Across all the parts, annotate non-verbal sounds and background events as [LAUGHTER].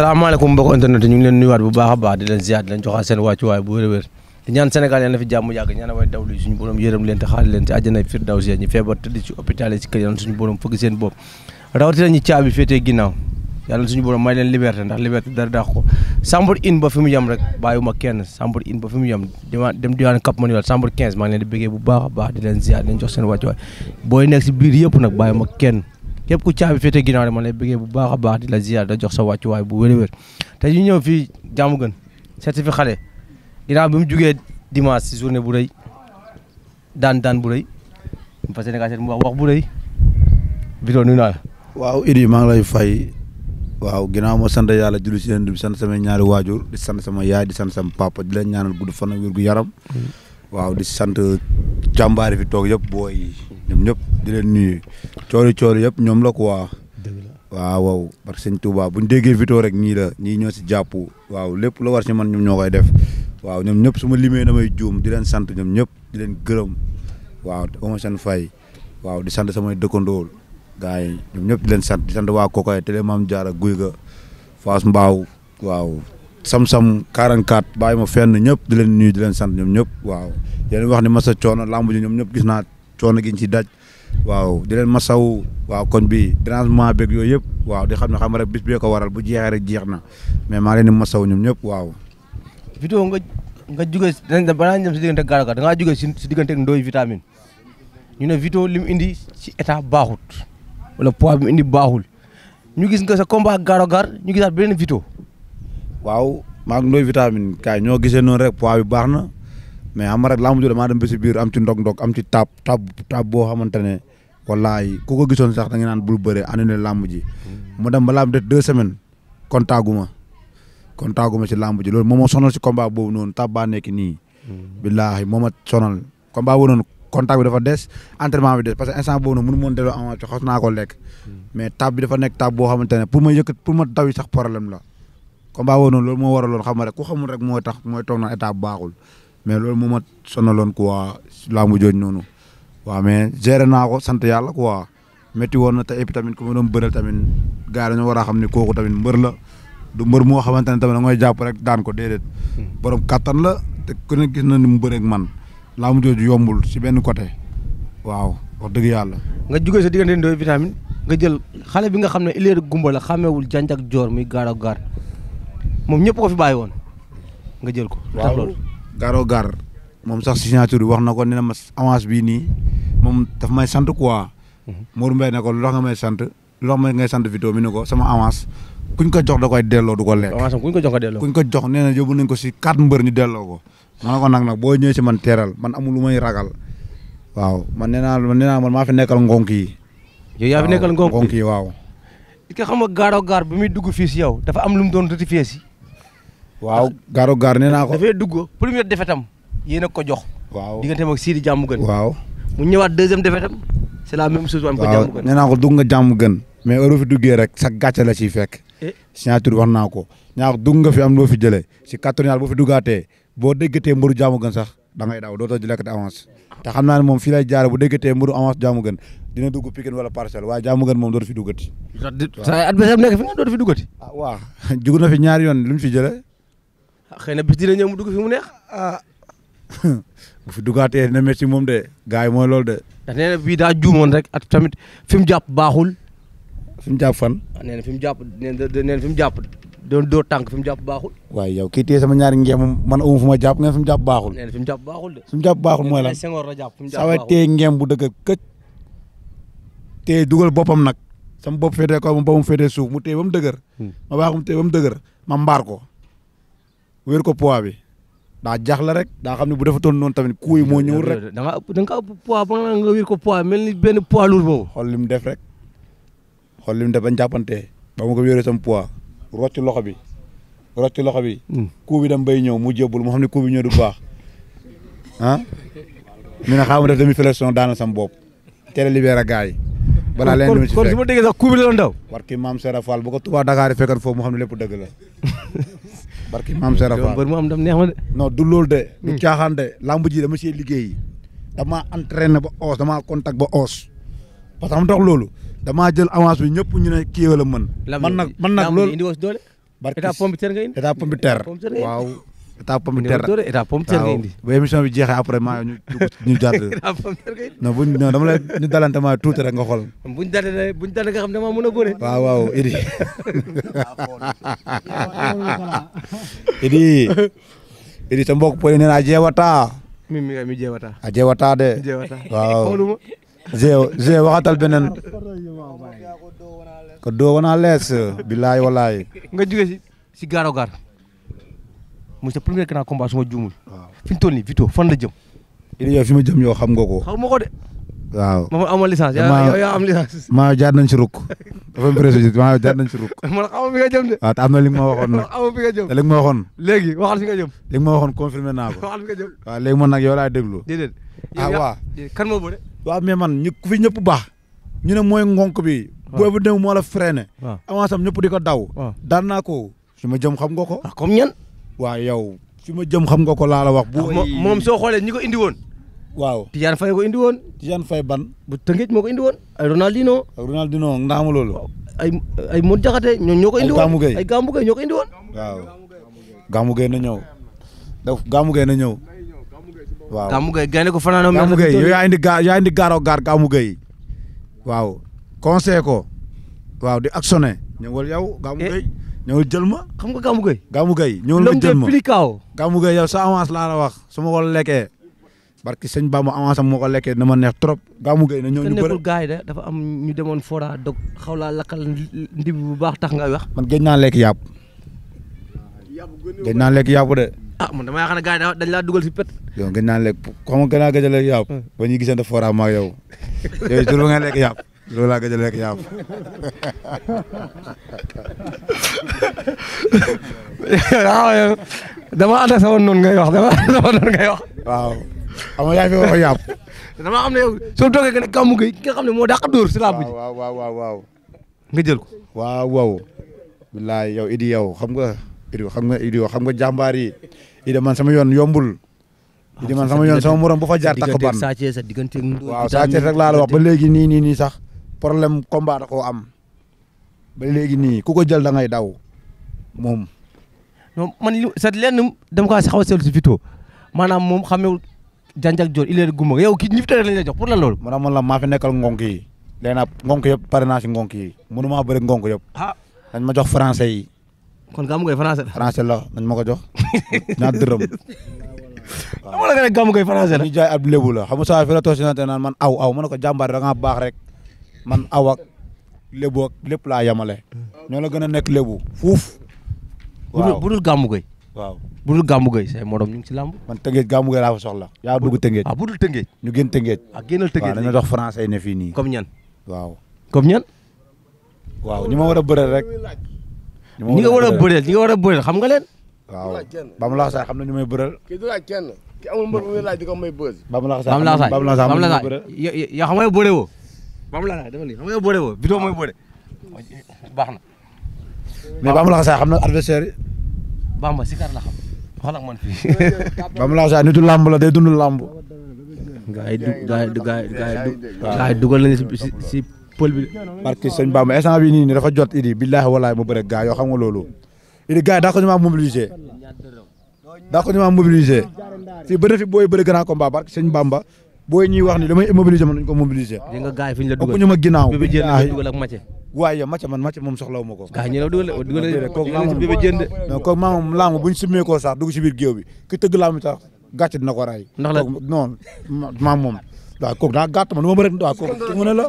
salaamaaleykum mbokk internet ñu ngi leen nuyuwaat bu baax a baax di leen ziar di leen joxaat seen wàccuwaay bu wér-wér di ñaan Sénégal yàlla na fi jàmm ñaan way dawlu suñu borom yërëm leen te xaal leen ci àjjana firdawsi ñu feebar tëdd ci hôpital yi ci kër yàlla suñu borom may leen liberté ndax liberté dara ko Sambour in ba fi mu yem rek bàyyiwuma kenn Sambour in ba fi mu yem dem diwaan Cap Manuel Sambour 15 maa ngi leen di bëggee bu baax baax di leen ziar di leen jox seen wàccuwaay booy nekk si biir képp ku caabi féete ginnaaw rek ma lay bëggee bu baax a baax di la ziar da jox sa wàccuwaay bu wér-wér te ñu ñëw fii jàmm gën seeti fi xale ginnaaw bi mu jugee dimanche si journée bu rëy daan daan bu rëy mu fas yéene mu wax wax bu rëy Vito nuyu naa la. waaw Idi maa lay fay waaw ginnaaw moo sant yàlla julli si leen di sant sama ñaari waajur di sant yaay di sant sama papa di leen ñaanal gudd fan ak wér gu yaram mm. waaw di sant jàmbaari fi toog yëpp booy ñoom ñëpp di leen nuyu coori coori yëpp ñoom la quoi. dëgg la waaw waaw parce que sëñ Touba bu ñu déggee Vito rek ñii la ñii ñoo si jàpp waaw lépp lu war si man ñoom ñoo koy def waaw ñoom ñëpp su ma limee damay juum di leen sant ñoom ñëpp di leen gërëm waaw oma seen fay waaw di sant samay dëkkandool gars yi ñoom ñëpp di leen sant di sant waa Kokoy télé maam Diarra guy ga Fass Mbaaw waaw sam-sam 44 bàyyi ma fenn ñëpp di leen nuyu di leen sant ñoom ñëpp waaw yéen wax ni masa coono lamb ji ñoom ñëpp gis naa coono gi ñu ci daj waaw di leen masaw waaw koñ bi dérangement beeg yooyu yëpp waaw di xam ne xam rek bis bee ko waral bu jeexee rek jeex na mais maa leen di masaw ñoom ñëpp waaw. Vito nga nga jugee dinañ dem balaa ñu dem si diggante Garga da ngaa jugee si si diggante ñu ne Vito li indi si état baaxut wala poids bi mu indi baaxul ñu gis nga sa combat Garga ñu a beneen Vito. waaw maa ngi Ndoye vitamine kaay ñoo gisee noonu rek poids bi baax na. mais am rek laa mujj damaa dem ba si biir am ci ndog-ndog am ci taab taab taab boo xamante ne wallaay ko gisoon sax da nga naan bul bëre annulé làmb ji mm. mu dem ba làmb de deux semaines kontaagu ma kontaagu ma si làmb ji loolu moo ma sonal si combat boobu noon taab baa nekk nii. Mm. billaahi moo ma sonal combat boobu noonu contact bi dafa des entraînement bi des parce que instant boobu noonu mënu moon delloo avance xas naa ko lekk. Mm. mais taab bi dafa nekk taab boo xamante ne pour ma yëkkat pour ma daw yi problème xam nga rek ku xamul rek mooy tax mooy toog na baaxul. mais loolu moom moo ma sonaloon quoi laamu jooj noonu waaw mais géré naa ko sant yàlla quoi métti woon na te et tamit ku ma doon bëral tamit gars yi dañoo war a xam ne kooku tamit mbër la du mbër moo xamante ne tamit da ngay jàpp rek daan ko déedéet. Hmm. borom kattan la te ku ne gis na ni mu bëreeg man laamu jooju yombul si benn côté waaw wax dëgg yàlla. nga jugee sa diggante Ndoye Vitamine nga jël xale bi nga xam ne ileer gumba la xàmmeewul janj ak joor muy gaar ak gaar moom ñëpp ko fi bàyyi woon nga jël ko. Garo gaar moom sax signature bi wax na ko ne na ma avance bii nii moom daf may sant quoi. Mhm. Mourou Mbaye ne ko lu tax nga may sant lu tax may ngay sant Vito mi ne ko sama avance kuñ ko jox da koy delloo du ko lekk. avance am kuñ ko jox ko delloo. kuñ ko jox nee na yóbbu nañ ko si quatre mbër ñu delloo ko. ma ne ko nag nag boo ñëwee si man teeral man amul lu may ragal. waaw man nee naa man nee naa maa fi nekkal ngonk yi. yow yaa fi nekkal ngonk yi waaw. ki xam nga Garo gaar bi muy dugg fii si yow dafa am lu mu doon rectifier si. waaw gaaro gaar nee naa ko. dafay dugg première ko jox. waaw diggante moom Sidi jàmm gën. waaw mu ñëwaat deuxième défaite am c'est la même chose. ko jàmm gën waaw ko dugg nga jàmm gën. mais heure fi duggee rek sa gàcce la ciy fekk. Eh. signature wax naa ko ñaa dug nga fi am loo fi jëlee si kattan boo fi duggaatee boo déggatee mbaru jàmm gën sax da ngay daaw dootoo di lekk avance te xam naa ne moom fii lay jaare bu tee mbaru avance jàmm gën dina dugg Pikine wala parcelle waaye jàmm gën moom dootu fi duggati. waaw fi nga dootu ah, [LAUGHS] na fi ñaari yoon lu ñu fi jëlee xëy na bis dina ñëw mu dugg fi mu neex. ah fi [LAUGHS] fi duggaatee dina métti moom de gars yi mooy loolu de. ndax nee na bii daa juumoon rek ak tamit fi mu jàpp baaxul. fi mu jàpp fan. Ah, nee na fi mu jàpp nee na fi mu jàpp doon doo tànk fi mu jàpp baaxul. waaye yow kii tee sama ñaari ngeem man amu fu ma jàpp ngeen fi mu jàpp baaxul. nee na fi mu jàpp baaxul de. fi mu jàpp baaxul mooy lan sawa téye ngeem bu dëgg këcc. téye dugal boppam nag sama bopp féetee mu ma mu féetee suuf mu téye ba mu dëgër. Hmm. ma baaxum téye ba mu dëgër ma mbaar ko wér ko poids bi daa jaaxle rek daa xam ne bu defa toon noonu tamit coup yi moo ñëwul rek. da nga ëpp ba nga nga ko poids mel ni benn poids lourd boobu. xool li mu def rek xool li mu def ba njàppante ba mu ko wéeree sam poids rocc loxo bi rocc loxo bi. Hmm. coup bi dem bay ñëw mu jébbul mu xam ne coup bi ñëw du baax ah. ñu ne xaaral ma def demi daana sam bopp teel a libéré gars yi. balaa leen lu ci fekk kon kon su ma déggee sax coup bi la doon daw. parce que maam Serap Fall bu ko Touba Dakar fekkoon foofu [LAUGHS] barki maam Serapha mbër mu am ndam neex ma de. non du loolu de. du hmm. caaxaan de làmb ji dama see liggéey damaa entraîné ba os damaa contact ba os parce que xam tax loolu damaa jël avance bi ñëpp ñu ne kii ma mën. man nag man nag loolu. état pompitaire nga indi état pompitaire état pomme de terre état pomme bi jeexee après maa ñu ñu jàdd [LAUGHS] non buñ non tuuti rek nga xool buñ dalee buñ dalee xam ne maa mën a bëre waaw waaw idi [LAUGHS] idi idi sa mbokk përi nee naa jeewata mi mi a ah, jeewata de waaw jeew jeew waxatal beneen ko doo wana lees bilaay nga jóge si si gaaro muy sa premier grand combat su ma juumul. waaw Vito fan jëm. il yow fi ma jëm yow xam nga ko. xaw ma ko de. waaw ma amoon licence. yaa yaa am licence. maa jaar nañ si rukk. dafa impressionné maa jaar nañ si [LAUGHS] ma fi nga jëm de. waaw te am na li nga ma waxoon nag. [LAUGHS] xaw ma fi ma waxoon. léegi waxal fi ma waxoon confirmé naa ko. [LAUGHS] waxal fi nga nag yow laa déglu. déedéet. ah waaw mais man ñu ku fi ñëpp baax. ñu ne mooy ngonk bi. waaw boobu dem moo la freiné. waaw avance am ñëpp di ko daw. waaw daan naa ko. fi ma jëm xam nga ko. Ah, waa yow fi ma jëm xam nga ko laa la wax. Ah, bu moom soo xoolee ñi ko indi woon. waaw Tidiane Faye ko indi woon. Tidiane Faye ban. bu Tëngéej moo ko indi woon ay Ronaldinho. ak ay ay Modou Diakhaté ñoom ñoo ko indi woon ay Gamou Gueye ay Gamou Gueye indi woon. waaw Gamou Gueye na ñëw. donc Gamou Gueye na ñëw. ko fanaanam. Gamou Gueye yow yaa indi gaa yaa gamu gaaroo gaar Gamou Gueye. waaw conseil ko. waaw di actionné. ñëwal yow Gamou eh, Gueye. ñëwal jël ma xam nga Gamou Gueye. Gamou la ñëwal nga jël ma Gamou Gueye yow sa avance laa la wax su ma ko lekkee barki sañ Ba ma avance am moo ko lekkee dama neex trop Gamou Gueye na ñoo ñu bëri gaay de dafa am ñu demoon foora dog xaw laa lakkal ndib bu baax tax nga wax man géej naa lekk yàpp géej naa lekk yàpp de ah man dama yaakaar ne gars dañ laa dugal si pet yow géej naa lekk xam nga gën a gëj a lekk yàpp ah. ba ñuy gisante fora ma ak yow yow jur lekk yàpp loolu laa gëj a lekk yàpp ah, dama ànd sa woon noonu ngay wax dama sa woon noonu ngay wax. waaw xam nga yaa fi wax yàpp. dama xam ne yow soo toogee nga ne Gamou Gueye ki nga xam ne moo dàq dóor si làmb ji. waaw waaw waaw nga jël ko. waaw waaw. bilaay yow Idi yow xam nga Idi xam nga Idi xam nga jàmbaar yi Idi man sama yoon yombul. Idi man sama yoon sama morom bu fa jaar takk ban. waaw saa rek laa la wax ba léegi nii nii nii sax. problème combat da koo am ba léegi nii ku ko jël da ngay daw moom. non man li sa lenn dama ko xaw a si Vito maanaam moom xamewul janjak joor il est gumba yow kii ñi fi tere lañ jox pour lan loolu. maanaam man la maa fi nekkal ngonk yi. léegi nag ngonk yëpp pare naa si ngonk yi mënumaa bëri ngonk yëpp. ah dañ ma jox français yi. kon gàmmu koy français la. français la ma ko jox ñaar dërëm. waaw xam nga la nga ne gàmmu koy français la. ñu jaay ab lébu la saa fi la toog naan man aw aw ma ne ko jàmbaar da ngaa baax rek. man aw ak lébu ak lépp laa yamale ñoo la gën a nekk lébu fuuf. waaw bu dul gàmmu gay waaw bu dul gàmmu gay say morom ñu ngi ci làmb. man tëngeej gàmmu gay laa fa soxla. yaa dugg tëngeej a bu dul tëngeej. Ah, ñu gën tëngeej. a ah, génnal tëngeej waaw dañoo dox français fii nii. comme ñan waaw. comme ñan. waaw ñi ma war a bëreel rek. ñi nga war a bëreel ñi nga war a nga leen. waaw Bam Laxasaay xam na ñu may bëreel. kii du laaj kenn ki amul mbër bu muy laaj di yaa xam nga bëree baamu laaxaay dafa nii xam nga bëre woo bidon mooy bëre baax na. mais baamu laaxaay xam na adversaire yi. bamba si kar la fii. [LAUGHS] baamu laaxaay nitu làmb la day dund làmb. gars yi du gars yi gars si si bi. parce que sëñ Bamba instant bii nii nii dafa jot idi billaahi wallaahi mu bëre gars yoo xam nga loolu. idi gars yi daa ko ñu ma mobilisé. daa ko ma mobilisé. fii bëre fi booy bëre grand combat barke sëñ Bamba. booy ñuy wax ni damay immobiliser man dañ ko mobiliser. di nga gaay fi ñu la dugal ñu ma ginnaaw. bébé jënd la dugal waaye Mathé ma ko. gaay ñu la dugal dugal kooku maa moom bébé jënd. non kooku maa moom laamu bu ñu simmee koo sax dugg si biir laamu sax gàcce dina ko non maa moom waaw kooku daa gàtt man nu ma bëri waaw kooku ci mu ne la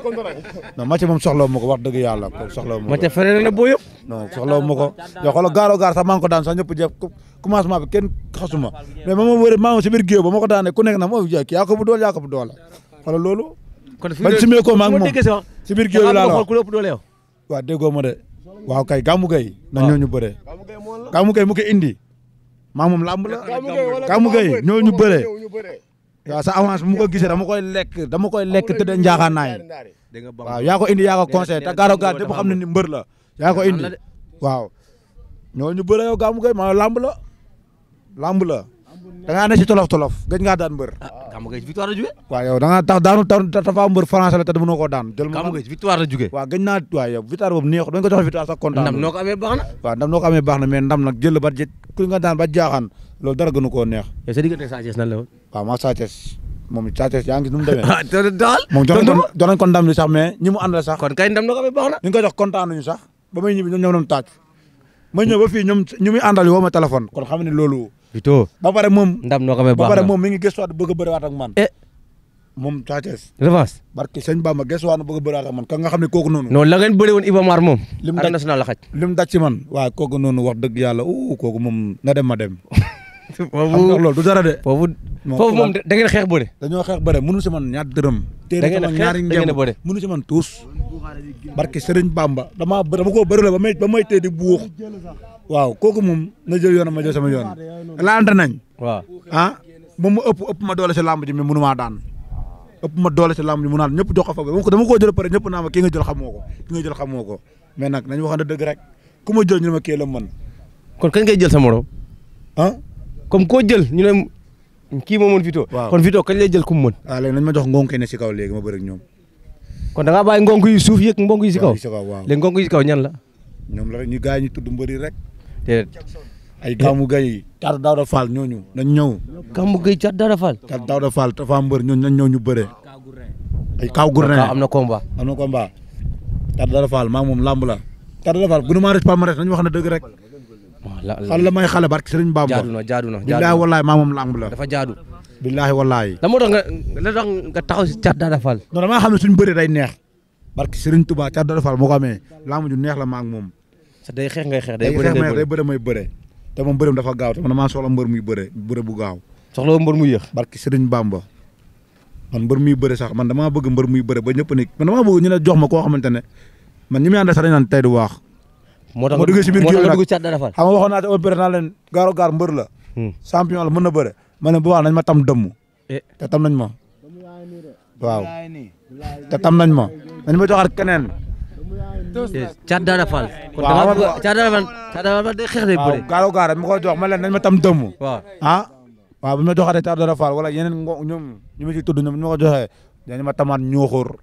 non Mathieu moom soxla wu ma ko wax dëgg yàlla kooku soxla wu ma ko. Mathieu frère la boo yëpp. non soxla wu ma ko yow xoolal gaaroo gaar sax maa ngi ko daan sax ñëpp jëf commencement bi kenn xasuma mais ma ma wër maa ngi si biir géew ba ma ko daanee ku nekk na ma jekk yaa ko bu dool yaa ko bu dool xoolal loolu. kon fi mu ne ko moom si biir géew bi laa la wax waaw déggoo ma de waaw kay gàmmu gay na ñooñu bëree gàmmu gay mu ko indi maa moom làmb la gàmmu gay ñooñu bëree waaw sa avance bu ma ko gisee dama koy lekk dama koy lekk tëdd njaaxaan naa yi waaw yaa ko indi yaa ko conseil te Garo Gare yëpp xam ne ni mbër la yaa ko indi waaw ñooñu bëre yow Gamou Gueye maa lamb la lamb da ne ci tolof tolof gëj ngaa daan mbër. ah Gamou victoire la jugee. waaw yow da ngaa tax mbër français la te mënoo koo daan. jël Gamou Gueye victoire la jugee. waaw gëj naa waaw yow victoire boobu neexu ko jox victoire sax kontaan. ndam noo ko amee baax na. waaw ndam noo ko amee baax na mais ndam nag jël ba jë ku nga daan ba jaaxaan loolu dara gënu koo neex. yow sa diggante Sa Thiès nan la woon. waaw maa mu demee. [LAUGHS] ah te daal. moom jox nañ ko ndam mu ñu ba may ñibbi ñoom ñoom tàcc ma ñëw ba fii xam ne loolu Vito ba pare moom. ndam noo ko ba pare moom mi ngi gëstuwaat bëgg a bëriwaat ak man. Eh. moom Sa Thiès. revanche. barke sëñ Bamba gëstuwaat bëgg a bëriwaat ak man ka nga xam ne kooku noonu. non la ngeen bëri Iba Mar moom. lim daj national la xaj. lim daj ci man waaw kooku noonu wax dëgg yàlla uu kooku moom na dem ma dem. [LAUGHS] foofu loolu du dara de. foofu da ngeen xeex bëre. dañoo xeex bëre mënu si man ñaar dërëm. da ngeen a xeex da ngeen a bëre mënu si man tuus. barke sëriñ Bamba damaa dama koo bëri la ba may ba may tee di waaw kooku moom na jël yoonam ma jël sama yoon laante nañ. waaw ah moom mu ëpp ëpp ma doole si làmb ji mais maa daan ëpp ma doole si làmb ji mënumaa ñëpp jox ko fa ba dama koo jël pare ñëpp naa ma kii nga jël xamoo ko ki nga xamoo ko mais nag nañu waxante dëgg rek ku ma jël ñu ma kii la mën. kon kañ ngay jël sa morom. ah comme koo jël ñu ne kii moo mën waaw kon Vito kañ lay ku mu mën. Ah, nañ ma jox ngonk yi ne si kaw léegi ma bëri ak ñoom. kon da ngaa bàyyi ngonk yi suuf yëg ngonk yi si kaw. waaw léegi ngonk yi si kaw ñan la ñoom la rek ñu gaay ñu tudd mbëri rek déedéet. ay Kamou Gueye Thiatou da Fall ñooñu nañ ñëw. Kamou Gueye Thiatou Daouda Fall. Thiatou Daouda Fall Tafa na ñooñu nañ ñëw ñu bëree. ay Kaw Gourdin am na komba am na combat Thiatou Daouda Fall maa moom lamb la. Thiatou Daouda Fall bu nu maa rëcc palmarès nañu wax ne dëgg rek. xale la may xale barke Serigne Bamba. jaadu na jaadu na billaahi wallaahi maa moom làmb la. dafa jaadu. billaahi wallaahi. lan moo tax nga lan tax nga taxaw si Thiatou Daouda Fall. non damaa xam ne suñu bëree day neex. barke Serigne Touba Thiatou Daouda Fall moo ko amee làmb ju neex la maa moom day xeex ngay xeex day xeex may day bëre may bëre te moom bëreem dafa gaaw te man damaa soxla mbër muy bëre bëre bu gaaw soxla mbër muy yéex barki Sëriñ Bamba man mbër sax man damaa bëgg mbër muy bëre ba ñëpp ne man damaa bëgg ma koo xamante ne man ñi muy ànd sax dañ du waax moo tax nga dugg si biir kii nag naa te opéré naa leen gaaro gaar mbër la hmm. champion la mën na bëre ma ne bu baax nañ ma tam dëmm eh. te tam nañ ma waaw te tam nañ ma nañ ma joxaat keneen Thiat eh, Daouda Fall. Eh, kon dama bëgg Thiat Daouda Fall Thiat jox ma leen nañ ma tam dëmm. waaw ah waa bu ma joxatee Thiat Daouda Fall wala yeneen ngo ñoom ñu ma ci tudd ñoom ñu ma ko ma tamaat ñooxóor.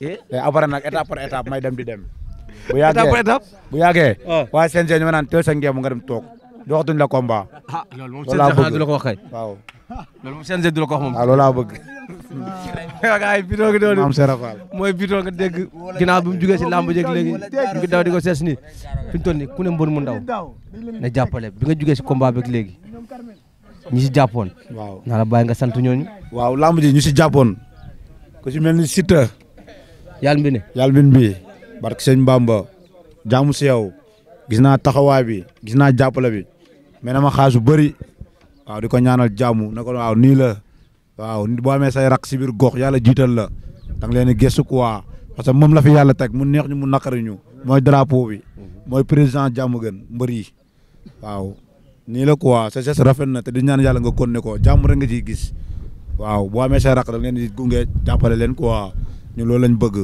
Eh? eh après nag étape par étape may dem di dem. [LAUGHS] bu yàggee étape par étape. bu yàggee. Ah. waaye CNG ñu naan teel sa ngeem nga dem toog joxatuñ la combat. ah loolu moom la ko wax kay loolu moom CNG du la ko wax ah, [LAUGHS] mooy bidon nga dégg ginnaaw bi mu jugee si làmb jeeg léegi daw di ko sees nii fi mu toll nii ku ne mbër mu ndaw bi nga jugee si combat léegi ñi si jàppoon. waaw naa la nga sant ñooñu. waaw làmb ji ñu si jàppoon ku si mel ni Siteu. yàlla bi ne yàlla bi bi barke sëñ Bamba jaamu si naa taxawaay bi gis naa jàppale bi mais dama xaas waaw di ko ñaanal jàmm na ko nii la waaw boo amee say rak si biir gox yàlla jiital la da nga leen di gëstu quoi parce que moom la fi yàlla teg mu neex ñu mu naqari ñu mooy drapeau bi mooy président jàmm gën mbër yi waaw nii la quoi sa geste rafet na te di ñaan yàlla nga continuer ko jàmm rek nga ciy gis waaw boo amee say raq da ngeen gunge jàppale leen quoi ñu loolu lañ bëgg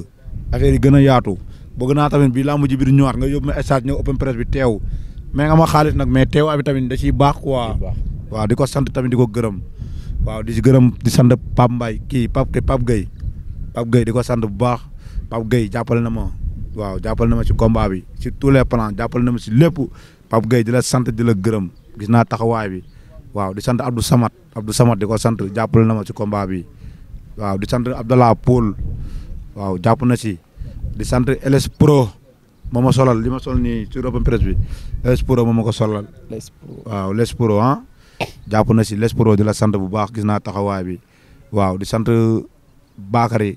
affaire yi gën a yaatu bëgg naa tamit bii laa mujj biir ñëwaat nga yóbbu ma stage ñëw open presse bi teew mais nga ma xaalis nag mais teew abi tamit da ciy baax quoi waaw di ko sant tamit di ko gërëm waaw di si gërëm di sant Pape Mbaye kii Pape Pape Gueye Pape Gueye di ko sant bu baax Pape Gueye jàppale na ma waaw jàppale na ma si combat bi si tous les plans jàppale na ma si lépp Pape Gueye di la sant di la gërëm gis naa taxawaay bi waaw di sant Abdou Samad Abdou Samad di ko sant jàppale na ma si combat bi waaw di sant Abdallah Paul waaw jàpp na si di sant LS Pro moo ma solal li ma sol nii ci open presse bi LS Pro moo ma ko solal. waaw jàpp na si les pro di la sant bu baax gis naa taxawaay bi waaw di sant Bakary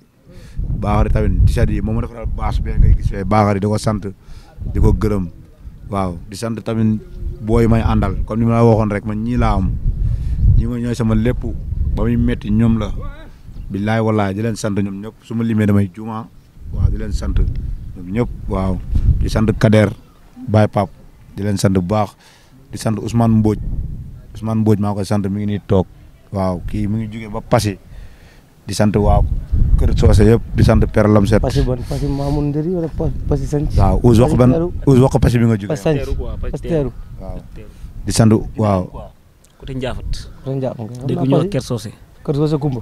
Bakary tamit di sat yi moom ma defaral baas bee ngay gis fee Bakary di ko sant di ko gërëm waaw di sant tamit booy may àndal comme ni ma la waxoon rek man ñii laa am ñi ma sama lépp ba muy metti ñoom la billaay wallaay di leen sant ñoom ñëpp suma ma limee damay juuma waaw di leen sant ñoom waaw di sant Kader Baye di leen sant bu baax di sant Ousmane Mbodj man Mbodj maa koy sant mi ngi nii toog waaw kii mi ngi jugee ba Passy di sant waaw Kër Soose yëpp di sant Père Lamset. Passy bon Passy Mamoun Nderi wala Passy Sanc. waaw Ousse wax ban Ousse wax Passy bi nga jugee. di sant waaw. côté Ndiaphate. côté Ndiaphate dégg ñu wax Kër Soose. Kër Soose Kumba.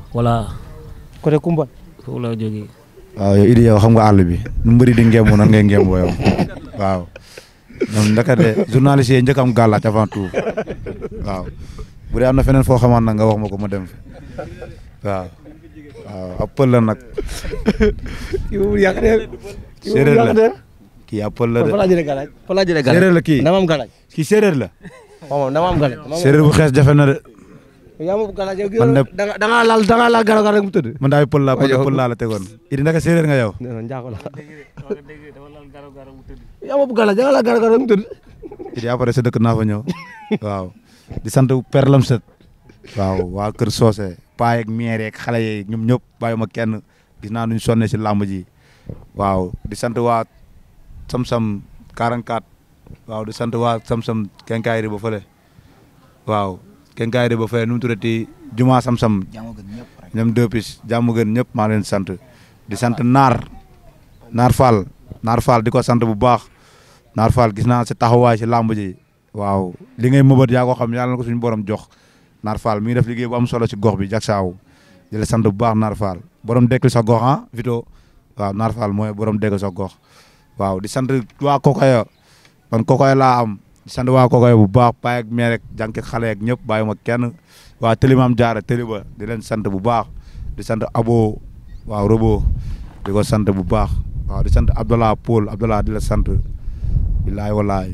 côté Kumba. waaw yow Idi yow xam nga àll bi nu mbëri di ngemu nan ngay ngemu yow [LAUGHS] waaw. ñoom ndekete journaliste yi njëkk am gàllaaj avant tout waaw bu am na feneen foo xamaan na nga wax ma ko ma dem waaw waaw ab la nag. kii boobu la kii ab pël la de. fa la kii dama am gàllaaj. kii séeréer la. moom dama am bu xees jafe na de. ma bëgg gàllaaj yow. man de da ngaa laal da ngaa laal gàllaaj mu tëdd. man daal pël laa pël Idi naka séeréer nga yow. yaa ma bu gala jaa la gara gara mu tëdd. di après sa dëkk naa fa ñëw waaw di sant perlam set waaw waa Kër Socé paa yeeg mère yeeg xale ye ñoom ñëpp bàyyi ma kenn gis naa nuñ sonne si làmb ji waaw di sant waa sam Samsam 44 waaw di sant waa Samsam kenkaayri ba fële waaw kenkaayri ba fële nu mu tuddati Juma sam ñoom deux pis jàmm gën ñëpp maa leen sant di sant Naar Naar Fall Naar Fall di ko sant bu baax Naar Fall gis naa sa taxawaay si làmb ji waaw li ngay mëbët yaa ko xam yàlla na ko suñu borom jox Naar Fall mi ngi def liggéey bu am solo si gox bi jagsaaw di la sant bu baax Naar Fall borom dekkil sa gox ah Vito waaw Naar Fall mooy borom dekkil sa gox waaw di sant waa Kokoya man Kokoya laa bu baax paay ak meer ak xale ak ñëpp bàyyi ma kenn waa Télimaam Jaara Téliba di leen sant bu baax di sant Abo waaw Robo di ko sant bu baax waaw di sant Abdallah Paul Abdallah di la sant. billaay walaay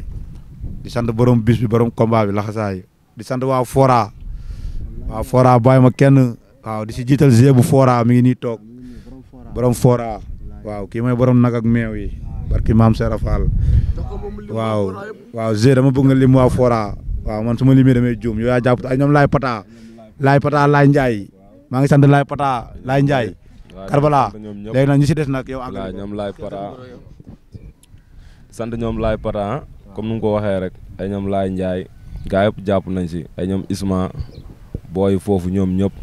di sant borom bis bi borom laxasaay di sant waa Fora waaw Fora bàyyi ma kenn waaw di si jiital G bu Fora mi ngi nii toog borom Fora waaw kii mooy borom nag ak meew yi barki maam Serap Fall waaw waaw dama bëgg nga lim waa Fora waaw man su ma limee damay juum yow yaa jàpp ay ñoom Laay Pata Laay Pata maa ngi sant Laay Pata Laay Ndiaye Karbala léegi nag ñu si des nag yow ak ñoom Laay Pata sant ñoom laay pata comme nu nga ko waxee rek ay ñoom laay njaay gaa yëpp jàpp nañ si ay ñoom isma booy foofu ñoom ñëpp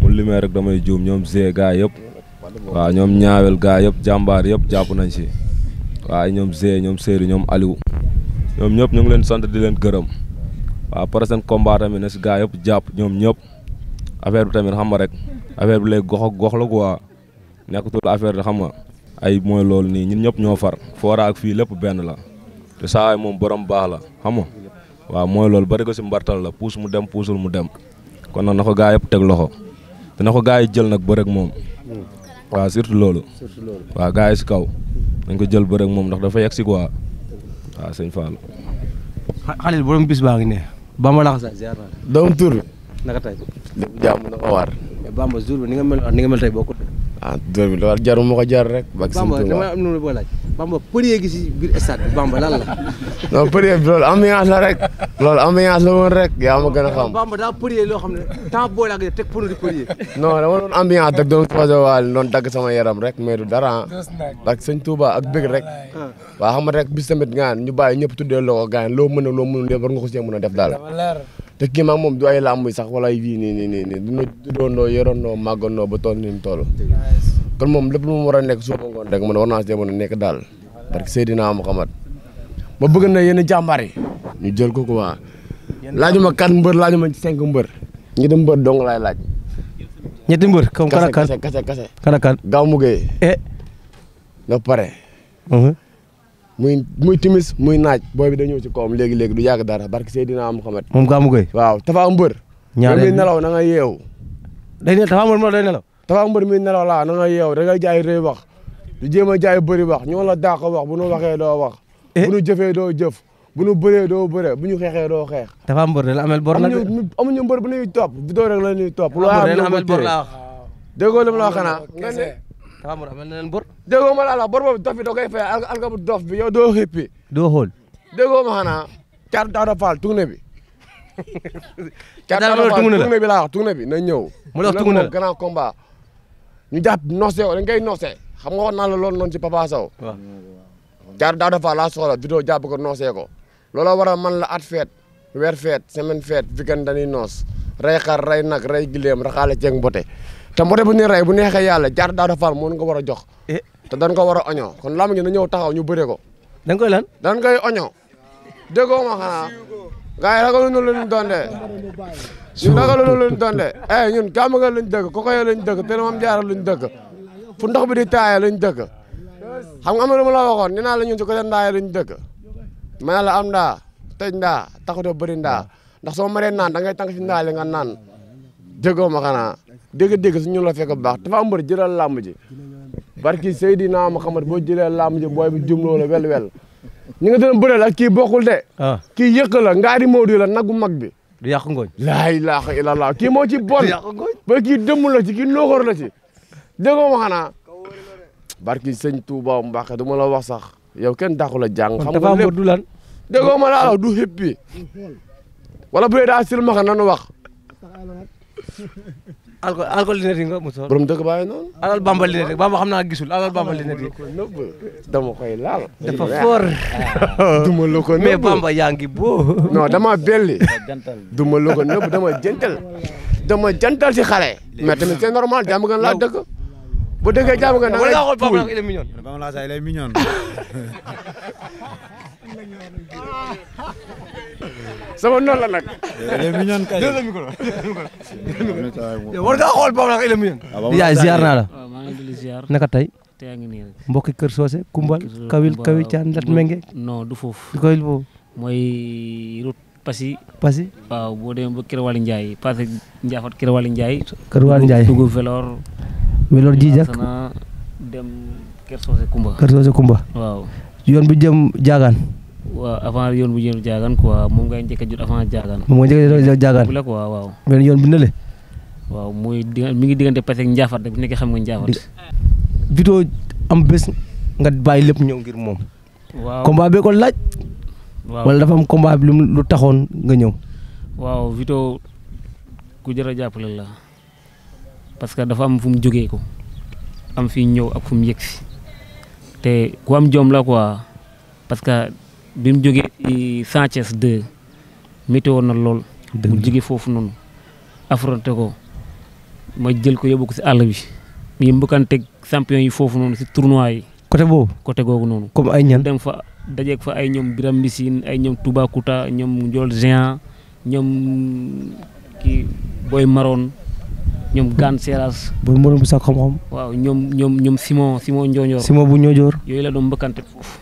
mu limee rek damay juum ñoom g gaa yëpp waaw ñoom ñaawel gaa yëpp jàmbaar yëpp jàpp nañ si waaw ñoom g ñoom Seydou ñoom Aliou ñoom ñëpp ñu ngi leen sant di leen gërëm waaw pare sen combat tamit na si gaa yëpp jàpp ñoom ñëpp affaire bi tamit xam nga rek affaire bi léegi gox ak gox la quoi nekkatul affaire bi xam nga ay mooy loolu nii ñun ñëpp ñoo far foora ak fii lépp benn la te saawaay moom borom baax la xam nga waaw mooy loolu bari ko si mbartal la puus mu dem puusul mu dem kon nag na ko gaa yëpp teg loxo te na ko gaa yi jël nag bërëg moom waaw surtout loolu waaw gaa yi kaw dañ ko jël bërëg moom ndax dafa yegg si quoi waaw sëñ Fall Xalil borom bis baa ngi ne Bamba la xasaay ziar naa doom tur naka tey jàmm na ko waar Bamba jour bi ni nga mel ni nga mel tey bokkut ah dóor bi loolu jaru ma ko jar rek. bàq si Bamba dama am lu ma laaj. Bamba përie gi si biir stade bi rek. loolu ambiance la woon rek yaa ma gën a xam. Bamba daa përie loo xam ne temps boo la ak teg pono di përie. non doon ambiance rek doon fas dagg sama yaram rek mais du dara ak sëñ Touba ak bëgg rek. Ah. waa xam nga rek bis tamit gaan ñu bàyyi ñëpp tuddee loo ko gaan loo mën loo mënul yëpp war nga ko a def daal. te kii maag moom du ay làmb sax wala ay yii nii nii nii nii duñu doondoo yoroondoo màggandoo ba toll nii toll kon moom lépp lu mu war a nekk suba ngoon rek man war naa si mën a nekk daal parce que Seydina Muhammad ma bëgg na yenn jàmbaar yi ñu jël ko quoi laajuma quatre mbër laajuma cinq mbër ñetti mbër dong laay laaj ñetti mbër comme kan ak kan kase kase kase kan ak kan gaaw mu gëy eh na pare uh-huh. muy muy timis muy naaj booy bi dañëw ci kawam léegi léegi du yàgg dara barke Seydina Muhammad. moom Gamou Gueye. waaw Tapha Mbeur. ñaareel mi nelaw na nga yeewu. day ne Tapha Mbeur day nelaw. Tapha Mbeur mi nelaw laa na nga yeewu da ngay jaay rëy wax du jéem a jaay bëri wax ñoo la dàq wax bu nu waxee doo wax. Eh? bu nu jëfee doo jëf bu nu bëree doo bëree bu ñu xeexee doo xeex. Tapha Mbeur de la amel bor la mbër bu ñuy topp vidéo rek la ñuy topp. lu am lu mu la wax xanaa Tapha Mbeur amel na leen bor. déggoo ma la bor boobu dof bi da koy fay alkabu dof bi yow doo xippi. doo xool déggoo ma xanaa. caatu Daouda Fall tugne bi. caatu [LAUGHS] Daouda Fall tugne bi laa wax tugne na ñëw. mu la tugne la grand combat. ñu jàpp noosee ko dañ koy noosee xam nga wax naa la loolu noonu ci Papa Sow. waaw caatu Daouda Fall laa soxla juddoo jàpp ko noosee ko. looloo waral man la at feet weer feet semaine feet weekend dañuy noos rey xar rey nag rey gileem raxaale ceeg mbote. te moto bu ñu rey bu neexee yàlla jaar Daouda Fall moo nga war a jox. Eh. te dañ ko war a oñoo kon lamb gi na ñëw taxaw ñu bëree ko. dañ koy lan dañ koy oñoo. déggoo ma xanaa. gars yi ragalu ñu leen doon dee. ñun ragalu ñu leen doon dee. [LAUGHS] Eh, ñun gàmm nga lañ dëkk kokoyo lañ dëkk Télé Mame Diarra lañ dëkk fu ndox bi di taayee lañ dëkk. xam nga lu ma la waxoon nee naa la ñun si côté Ndaaye lañ dëkk. ma la am ndaa tëj ndaa taxut a ndaa ndax soo maree naan da ngay tànk si ndaa nga naan déggoo ma xanaa dégg-dégg su ñu la fekk bu baax Tapha Mbeur jëlal làmb ji barki Seydina Muhammad boo jëlee làmb ji booy bi jumloo la wel wel ñi nga doon bëreel ak kii bokkul de ah. kii yëq la ngaari Modou la nagu mag bi du yàq ngooñ la ilaaha kii moo ci bon ba kii dëmm la ci kii nooxor la ci déggoo ma xanaa barki sëñ Touba Mbacke du ma la wax sax yow kenn dàqu la jàng xam nga lépp du lan ma laa la du xëppi wala bu dee daa silmaxa nanu wax alcool alcool linet yi nga mu sol borom dëgg bàyyi bamba linet yi bamba xam naa gisul alal bamba ah, linet yi dama koy laal dafa fort [LAUGHS] duma la ko bamba yaa ngi boo non dama belli [LAUGHS] duma la ko dama jëntal dama jëntal si xale mais tamit c'est normal jàmm gan laa dëgg bu dëggee jàmm gan wala nga [LAUGHS] sama noonu la nag. il est war ngaa xool boobu nag il est mignon. yaay Kër Socé. Kumbal Kawil Kawi Caan Lat Menge. du foofu. du Kawil foofu. mooy route Passy. Passy. waaw boo demee ba Kër Waly Ndiaye passé Ndiafat Kër Waly Ndiaye. Kër Waly Ndiaye dugg Jijak dem Kër Socé Kumba. yoon bi jëm Diagane. waaw avant yoon bu jëm jaagaan quoi moom ngay njëkk a jot avant jaagaan. moom nga njëkk a jot jaagaan bu waaw. benn yoon mi ngi diggante Passy ak Ndiaffate bu nekkee xam nga Ndiaffate. Vito am bés nga bàyyi lépp ñëw ngir moom. waaw combat ko laaj. waaw wala dafa am combat lu taxoon nga ñëw. waaw Vito ku jar a jàppale la parce que dafa am fu mu jógee ko am fi ñëw ak mu yegg si te ku am jom la parce que. bi mu jógee ci Sathiès 2 météo na lool. mu jóge foofu noonu. affronté ko ma jël ko yóbbu ko si àll bi ñu mbëkkanteeg champion yi foofu noonu si tournoi yi. côté boobu côté googu noonu. comme ay ñan dem fa dajeeg fa ay ñoom Biram Mbissine ay ñoom Toubacouta ñoom Ndiol Géant ñoom kii Boy Maroon ñoom Gane Seras. bu mbooloo bu sax xam-xam. waaw ñoom ñoom ñoom Simon Simon Ndiodior. Simon bu Ndiodior. yooyu la doon mbëkkante foofu.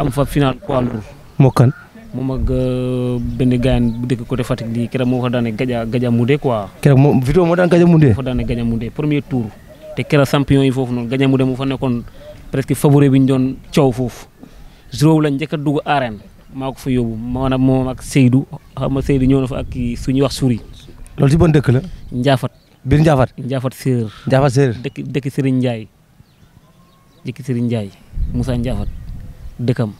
am fa final poids lourd. moo kan. moom ak euh, benn gaayan bu dekk côté Fatick di keroog moo fa daane gaja gaja mudee quoi. keroog moom vidéo moo daan gaja mudee. moo fa daane gaja mudee premier tour. te keroog champion yi foofu noonu gaja mudee mu fa nekkoon presque favori bi ñu doon coow foofu. juróom la njëkk a dugg arène maa ko fa yóbbu maanaam moom ak Seydou xam nga Seydou ñëw na fa ak kii suñuy wax suuri. loolu si ban dëkk la. Njaafat. biir Njaafat. Njaafat séeréer. Njaafat séeréer. dëkk dëkk Ndiaye dëkk Serigne Ndiaye Moussa Njaafat. dëkkam.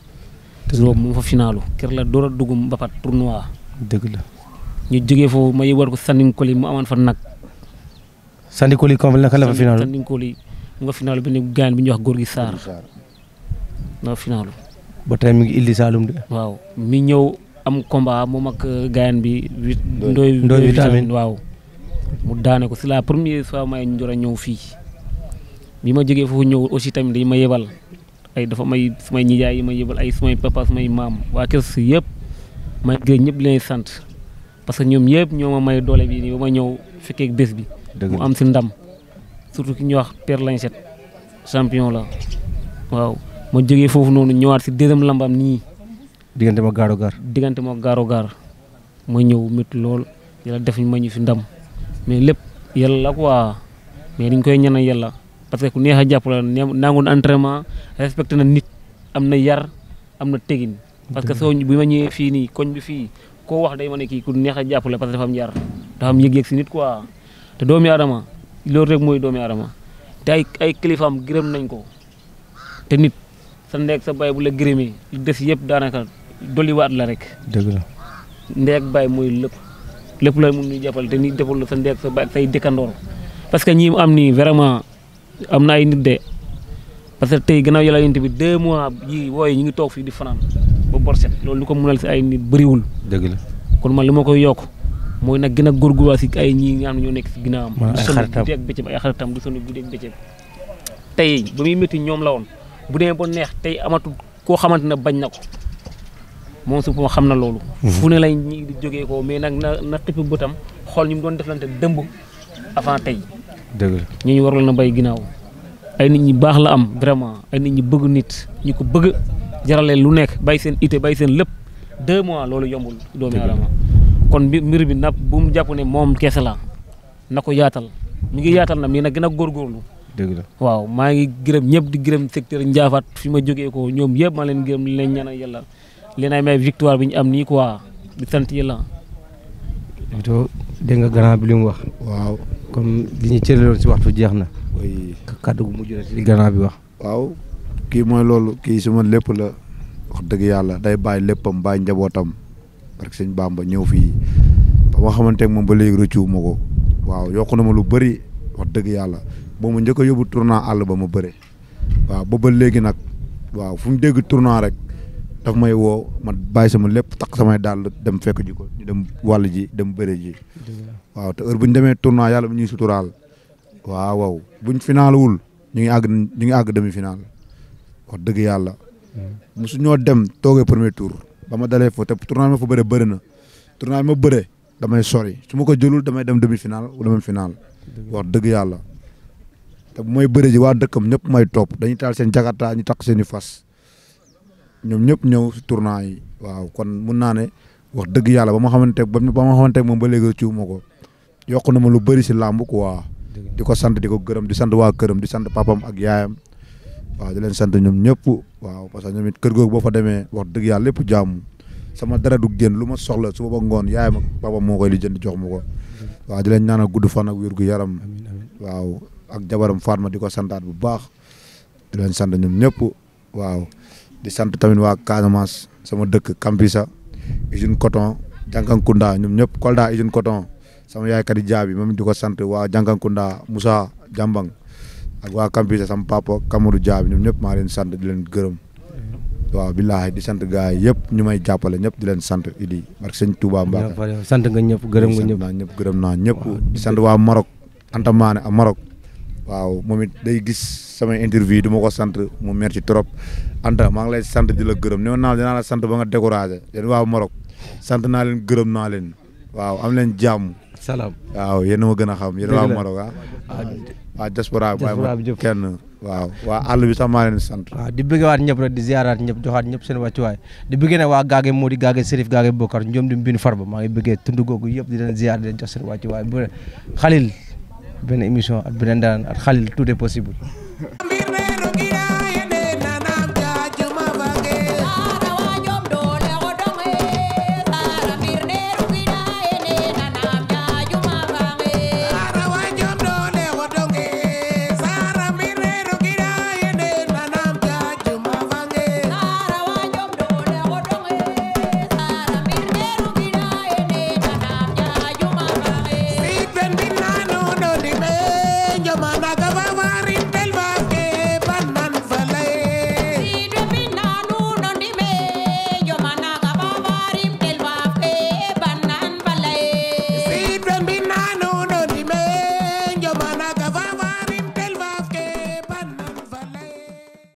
te boobu mu door a dugg mbapat tournoi. dëgg la ñu jógee foofu ma yëwal ko Sandinkoli mu amoon fa nag. Sandinkoli comme fa finaalu Sandinkoli mu nga finaalu bi ne góor gi Saar. noo ba tey mi ngi Ili de. waaw mi ñëw am combat moom ak euh, gaañ bi. ndoy ndoy waaw. mu daane ko c'est la première fois may njor a ñëw fii bi ma jógee foofu ñëw aussi tamit dañ ma yebal ay dafa may sumay nijaay yi may yëbal ay sumay papa sumay maam waa kër yëpp may gërëm ñëpp di leen sant parce que ñoom yëpp ñoo ma may doole bi nii ba ma ñëw fekkeek bés bi mu am si ndam surtout ki ñuy wax Père Lancet champion la waaw ma jógee foofu noonu ñëwaat si deuxième lambam nii diggante ma gaaro gaar diggante ma gaaro gaar ma ñëw métti lool yàlla def ñu ma ñu fi ndam mais lépp yàlla la quoi mais dañ koy ñaanal yàlla parce que ku neex a jàpp la nangu na entraînement na nit am na yar am na tegin. parce que soo bi ma ñëwee fii nii koñ bi fii koo wax day ma ne kii ku neex a jàpp la parce que am yar dafa am yëg-yëg si nit quoi te doomi aadama loolu rek mooy doomi aadama te ay ay kilifaam gërëm nañ ko te nit sa ndeeg sa baay bu la gërëmee des yëpp daanaka dolliwaat la rek. dëgg la baay mooy lépp lépp la mun ñu jàppal te nit deful la sa ndeeg sa baay ak say dëkkandoor parce que am nii vraiment. am na ay nit de parce que tey gannaaw yàlla yonent bi deux mois yi wooye ñu ngi toog fii di fanaan ba borset loolu lu ko mënal si ay nit bëriwul. dëgg la kon man li ma koy yokk mooy nag gën a góorgóorlu si ay ñii nga xam nekk si ginnaawam. ay xaritam du sonn guddi ak bëccëg ay xaritam du sonn guddi ak bëccëg tey ba muy métti ñoom la woon bu dee ba neex tey amatul koo xamante ne bañ na ko moom su ma xam na loolu. Mhm. fu ne lay ñu di jógee ko mais nag na na xippi bëtam xool ñu mu doon deflante dëmb avant tey. dëgg la ñu war na bay ginnaaw ay nit ñi baax la am vraiment ay nit ñi bëgg nit ñu ko bëgg jaraleen lu nekk bay seen ité bay seen lépp deux mois loolu yombul doomi aadama kon bi mbir bi na bu mu jàpp ne moom keese la na ko yaatal mu ngi yaatal na mii nag gën a góorgóorlu dëgg la waaw maa ngi gërëm ñëpp di gërëm secteur njaafaat fi ma jógee ko ñoom yëpp maa leen gërëm li leen ñan yàlla li nay may victoire bi ñu am nii quoi di sant yàlla. Vito dégg nga grand bi li mu wax waaw. comme li ñu cëraloon si waxtu jeex na. kàddu gu mujj na si gannaaw bi wax. waaw kii mooy loolu kii suma lépp la wax dëgg yàlla day bàyyi léppam bàyyi njabootam barke sëñ ba ñëw fii ba ma xamante ne moom ba léegi rëccu ma ko waaw yokk na ma lu bari wax dëgg yàlla ba ma njëkk a yóbbu tournant àll ba ma bëre waaw ba ba léegi nag waaw fu mu dégg tournant rek. daf may woo ma bàyyi sama lépp tax samay daal dem fekk ji ko ñu dem wàll ji dem bëre ji. waaw te heure bu ñu demee tournoi yàlla bu ñuy suturaal. waaw waaw buñ final wul ñu ngi àgg ñu ngi àgg demi final wax dëgg yàlla. mosu ñoo dem toogee premier tour. ba ma dalee foofu te tournoi ma fa bëre na tournoi ma bëre damay sori su ma ko jëlul damay dem demi final wala même final. wax dëgg yàlla. te bu may bëre ji dëkk dëkkam ñëpp may top dañuy taal seen jakarta ñu takk seen i fas. ñoom ñëpp ñëw si tournant yi waaw kon mun naa ne wax dëgg yàlla ba ma xamante ba ma xamante moom ba léegi ci ma ko yokk na ma lu bari si làmb waa di ko sant di ko gërëm di sant waa këram di sant papam ak yaayam waaw di leen sant ñoom ñëpp waaw parce que ñoom it kër googu boo fa demee wax dëgg yàlla lépp jàmm sama dara du génn lu ma soxla su ba ngoon yaayam ak papam moo ko koy lijjanti jox ma ko waaw di leen ñaanal gudd fan ak wér gu yaram waaw ak jabaram Fatma di ko santaat bu baax di leen ñoom ñëpp waaw di sant tamit waa Casamance sama dëkk Kampisa usine coton Jankankunda ñoom ñëpp Kolda usine coton sama yaay Kadi Jaabi moom di ko sant waa Jankankunda Moussa Jambang ak waa Kampisa sama papa Kamadou Jaabi ñoom ñëpp maa leen sant di leen gërëm waaw billaahi di sant gars yi yëpp ñu may jàppale ñëpp di leen sant idi barke sëñ Touba Mbacke sant nga ñëpp gërëm nga ñëpp gërëm naa ñëpp di sant waa Maroc Anta Maane ak Maroc waaw moom it day gis samay interview du ma ko sant mu mer trop Anta maa ngi lay sant di la gërëm nee naa dinaa la sant ba nga découragé yéen waa sant naa leen gërëm naa leen waaw am leen jàmm. salaam waaw gën a xam yéen waa Maroc ah. waa waa àll bi sax maa leen sant. waaw di bëggewaat ñëpp rek di ziaraat ñëpp joxaat ñëpp seen wàccuwaay di bëggee ne waa Gaage Mody Gaage Serif Gaage Bokar ñoom di mbin farba maa ngi bëggee tund googu yëpp di leen ziar di leen jox seen wàccuwaay bu Khalil benn émission ak beneen daan ak Khalil tout est possible. [LAUGHS]